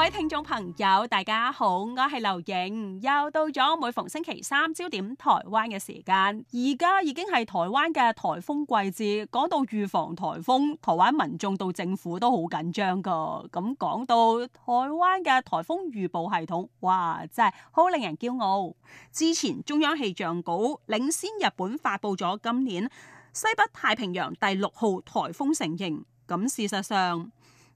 各位聽眾朋友，大家好，我係劉穎，又到咗每逢星期三焦點台灣嘅時間。而家已經係台灣嘅台風季節，講到預防台風，台灣民眾到政府都好緊張噶。咁講到台灣嘅台風預報系統，哇，真係好令人驕傲。之前中央氣象局領先日本發布咗今年西北太平洋第六號台風成形。咁事實上，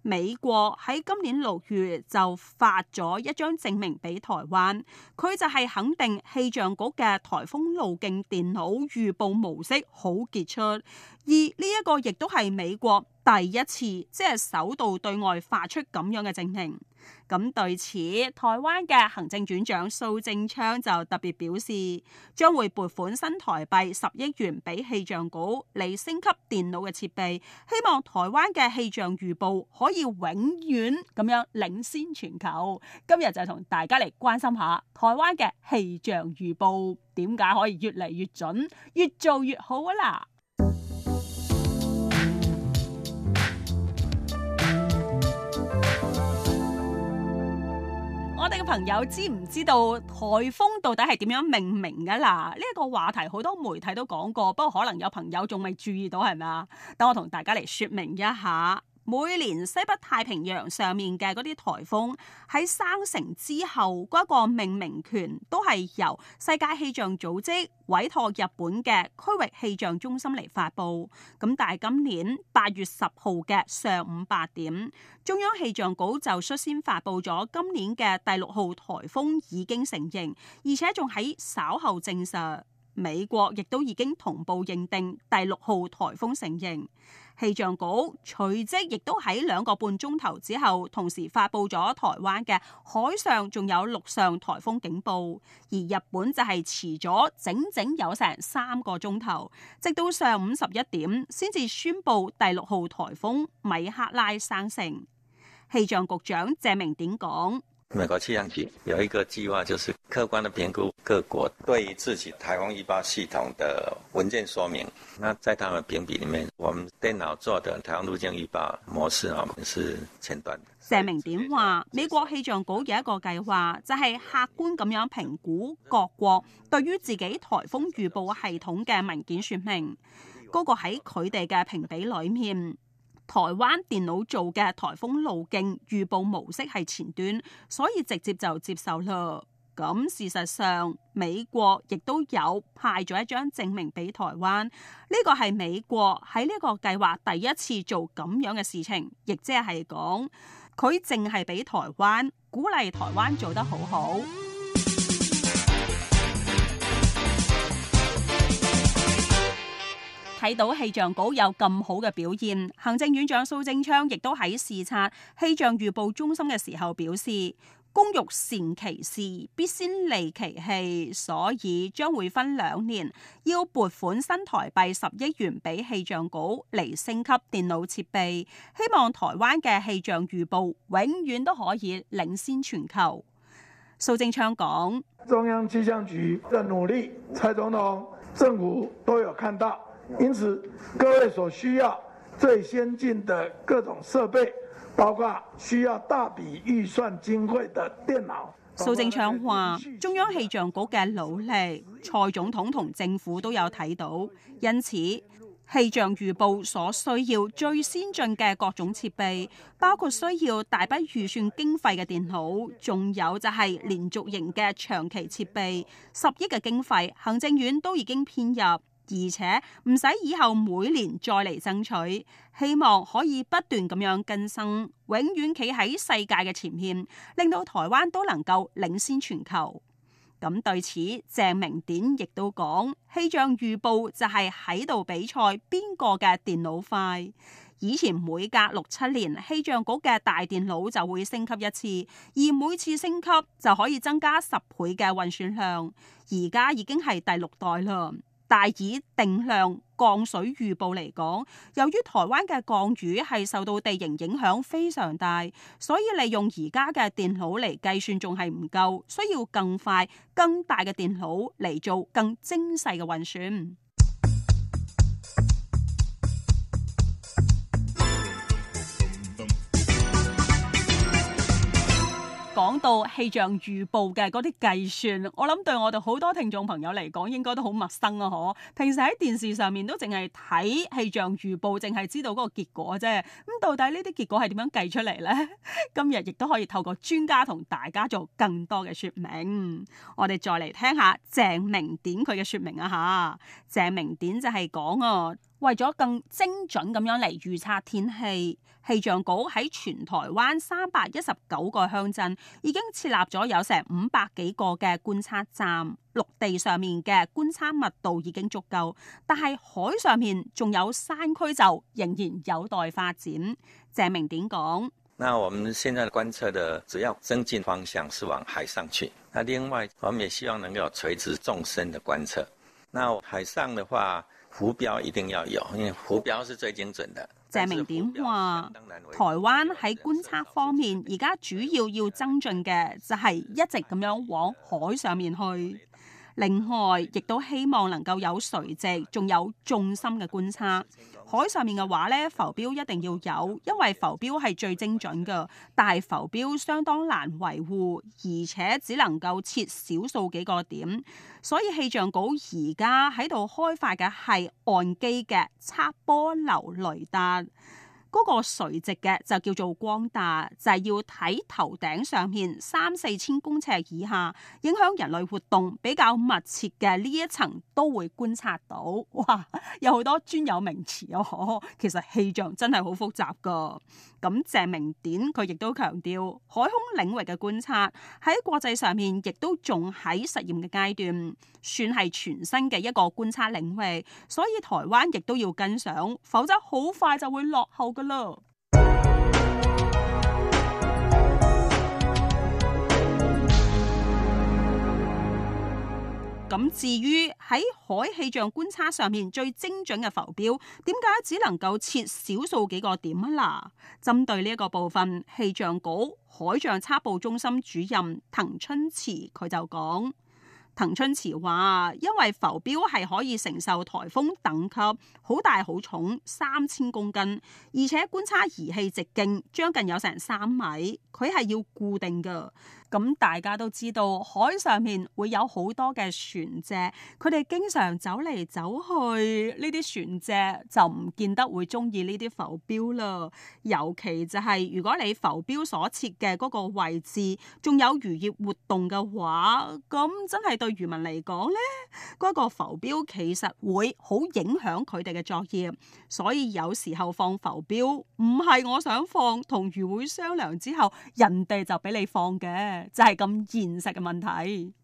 美國喺今年六月就發咗一張證明俾台灣，佢就係肯定氣象局嘅台風路徑電腦預報模式好傑出，而呢一個亦都係美國。第一次即係首度對外發出咁樣嘅證明，咁對此台灣嘅行政長官蘇貞昌就特別表示，將會撥款新台幣十億元俾氣象局嚟升級電腦嘅設備，希望台灣嘅氣象預報可以永遠咁樣領先全球。今日就同大家嚟關心下台灣嘅氣象預報點解可以越嚟越準，越做越好啊啦！我哋嘅朋友知唔知道颱風到底係點樣命名噶啦？呢一個話題好多媒體都講過，不過可能有朋友仲未注意到，係咪啊？等我同大家嚟說明一下。每年西北太平洋上面嘅嗰啲颱風喺生成之後，嗰一個命名權都係由世界氣象組織委託日本嘅區域氣象中心嚟發布。咁但係今年八月十號嘅上午八點，中央氣象局就率先發布咗今年嘅第六號颱風已經成形，而且仲喺稍後證實。美國亦都已經同步認定第六號颱風成形，氣象局隨即亦都喺兩個半鐘頭之後，同時發布咗台灣嘅海上仲有陸上颱風警報。而日本就係遲咗整整有成三個鐘頭，直到上午十一點先至宣布第六號颱風米克拉生成。氣象局長鄭明典講。美國氣象局有一個計劃，就是客觀的評估各國對於自己颱風預報系統的文件說明。那在他們評比裏面，我們電腦做的颱風路徑預報模式我們啊，是前端的。謝明典話：美國氣象局有一個計劃，就係、是、客觀咁樣評估各國對於自己颱風預報系統嘅文件說明。嗰、那個喺佢哋嘅評比裏面。台灣電腦做嘅台風路徑預報模式係前端，所以直接就接受啦。咁事實上，美國亦都有派咗一張證明俾台灣，呢個係美國喺呢個計劃第一次做咁樣嘅事情，亦即係講佢淨係俾台灣鼓勵台灣做得好好。睇到氣象局有咁好嘅表現，行政院長蘇貞昌亦都喺視察氣象預報中心嘅時候表示：工欲善其事，必先利其器，所以將會分兩年，要撥款新台幣十億元俾氣象局嚟升級電腦設備，希望台灣嘅氣象預報永遠都可以領先全球。蘇貞昌講：中央氣象局嘅努力，蔡總統政府都有看到。因此，各位所需要最先進的各種設備，包括需要大筆預算經費的電腦。蘇貞昌話：中央氣象局嘅努力，蔡總統同政府都有睇到，因此氣象預報所需要最先進嘅各種設備，包括需要大筆預算經費嘅電腦，仲有就係連續型嘅長期設備，十億嘅經費，行政院都已經編入。而且唔使以後每年再嚟爭取，希望可以不斷咁樣更新，永遠企喺世界嘅前面，令到台灣都能夠領先全球。咁對此，鄭明典亦都講，氣象預報就係喺度比賽邊個嘅電腦快。以前每隔六七年，氣象局嘅大電腦就會升級一次，而每次升級就可以增加十倍嘅運算量。而家已經係第六代啦。但以定量降水預報嚟講，由於台灣嘅降雨係受到地形影響非常大，所以利用而家嘅電腦嚟計算仲係唔夠，需要更快更大嘅電腦嚟做更精細嘅運算。講到氣象預報嘅嗰啲計算，我諗對我哋好多聽眾朋友嚟講，應該都好陌生啊！嗬，平時喺電視上面都淨係睇氣象預報，淨係知道嗰個結果啫。咁到底呢啲結果係點樣計出嚟呢？今日亦都可以透過專家同大家做更多嘅說明。我哋再嚟聽下鄭明典佢嘅說明啊！吓，鄭明典就係講啊。為咗更精準咁樣嚟預測天氣，氣象局喺全台灣三百一十九個鄉鎮已經設立咗有成五百幾個嘅觀測站，陸地上面嘅觀測密度已經足夠，但係海上面仲有山區就仍然有待發展。鄭明典講：那我們現在觀測的，只要增進方向是往海上去。那另外，我們也希望能夠垂直縱深的觀測。那海上的話。浮標一定要有，因為浮標是最精準的。謝明典話：台灣喺觀測方面，而家主要要增進嘅就係一直咁樣往海上面去。另外，亦都希望能夠有垂直，仲有重心嘅觀測。海上面嘅話咧，浮標一定要有，因為浮標係最精準嘅。大浮標相當難維護，而且只能夠切少數幾個點。所以氣象局而家喺度開發嘅係岸基嘅測波流雷達。個垂直嘅就叫做光大，就係要睇頭頂上面三四千公尺以下，影響人類活動比較密切嘅呢一層都會觀察到。哇，有好多專有名詞哦。其實氣象真係好複雜噶。咁鄭明典佢亦都強調海空領域嘅觀察喺國際上面亦都仲喺實驗嘅階段，算係全新嘅一個觀察領域。所以台灣亦都要跟上，否則好快就會落後嘅。咁至於喺海氣象觀測上面最精準嘅浮標，點解只能夠設少數幾個點啦？針對呢一個部分，氣象局海象測報中心主任滕春慈，佢就講。滕春池話，因為浮標係可以承受颱風等級，好大好重，三千公斤，而且觀察儀器直徑將近有成三米，佢係要固定㗎。咁大家都知道，海上面會有好多嘅船隻，佢哋經常走嚟走去，呢啲船隻就唔見得會中意呢啲浮標啦。尤其就係如果你浮標所設嘅嗰個位置，仲有漁業活動嘅話，咁真係對漁民嚟講呢，嗰個浮標其實會好影響佢哋嘅作業。所以有時候放浮標，唔係我想放，同漁會商量之後，人哋就俾你放嘅。就係咁現實嘅問題，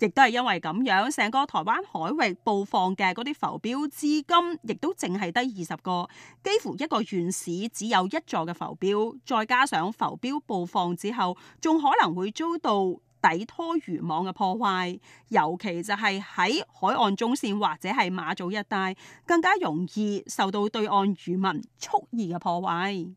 亦都係因為咁樣，成個台灣海域布放嘅嗰啲浮標，至今亦都淨係得二十個，幾乎一個縣市只有一座嘅浮標，再加上浮標布放之後仲可能會遭到底拖漁網嘅破壞。尤其就係喺海岸中線或者係馬祖一帶更加容易受到對岸漁民蓄意嘅破壞。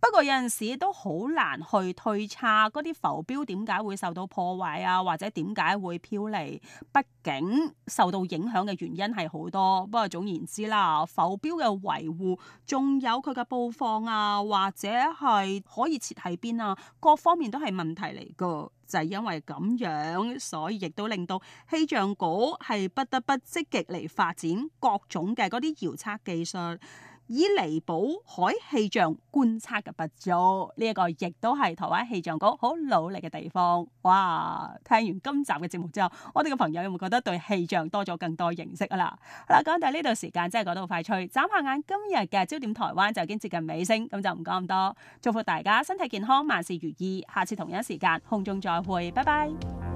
不過有陣時都好難去推測嗰啲浮標點解會受到破壞啊，或者點解會漂離。畢竟受到影響嘅原因係好多。不過總言之啦，浮標嘅維護，仲有佢嘅布放啊，或者係可以設喺邊啊，各方面都係問題嚟噶。就係因為咁樣，所以亦都令到氣象局係不得不積極嚟發展各種嘅嗰啲遙測技術。以彌補海氣象觀測嘅不足，呢、這、一個亦都係台灣氣象局好努力嘅地方。哇！聽完今集嘅節目之後，我哋嘅朋友有冇覺得對氣象多咗更多認識啊啦？嗱，講到呢度時間真係講得好快脆。眨下眼今日嘅焦點台灣就已經接近尾聲，咁就唔講咁多。祝福大家身體健康，萬事如意。下次同一時間空中再會，拜拜。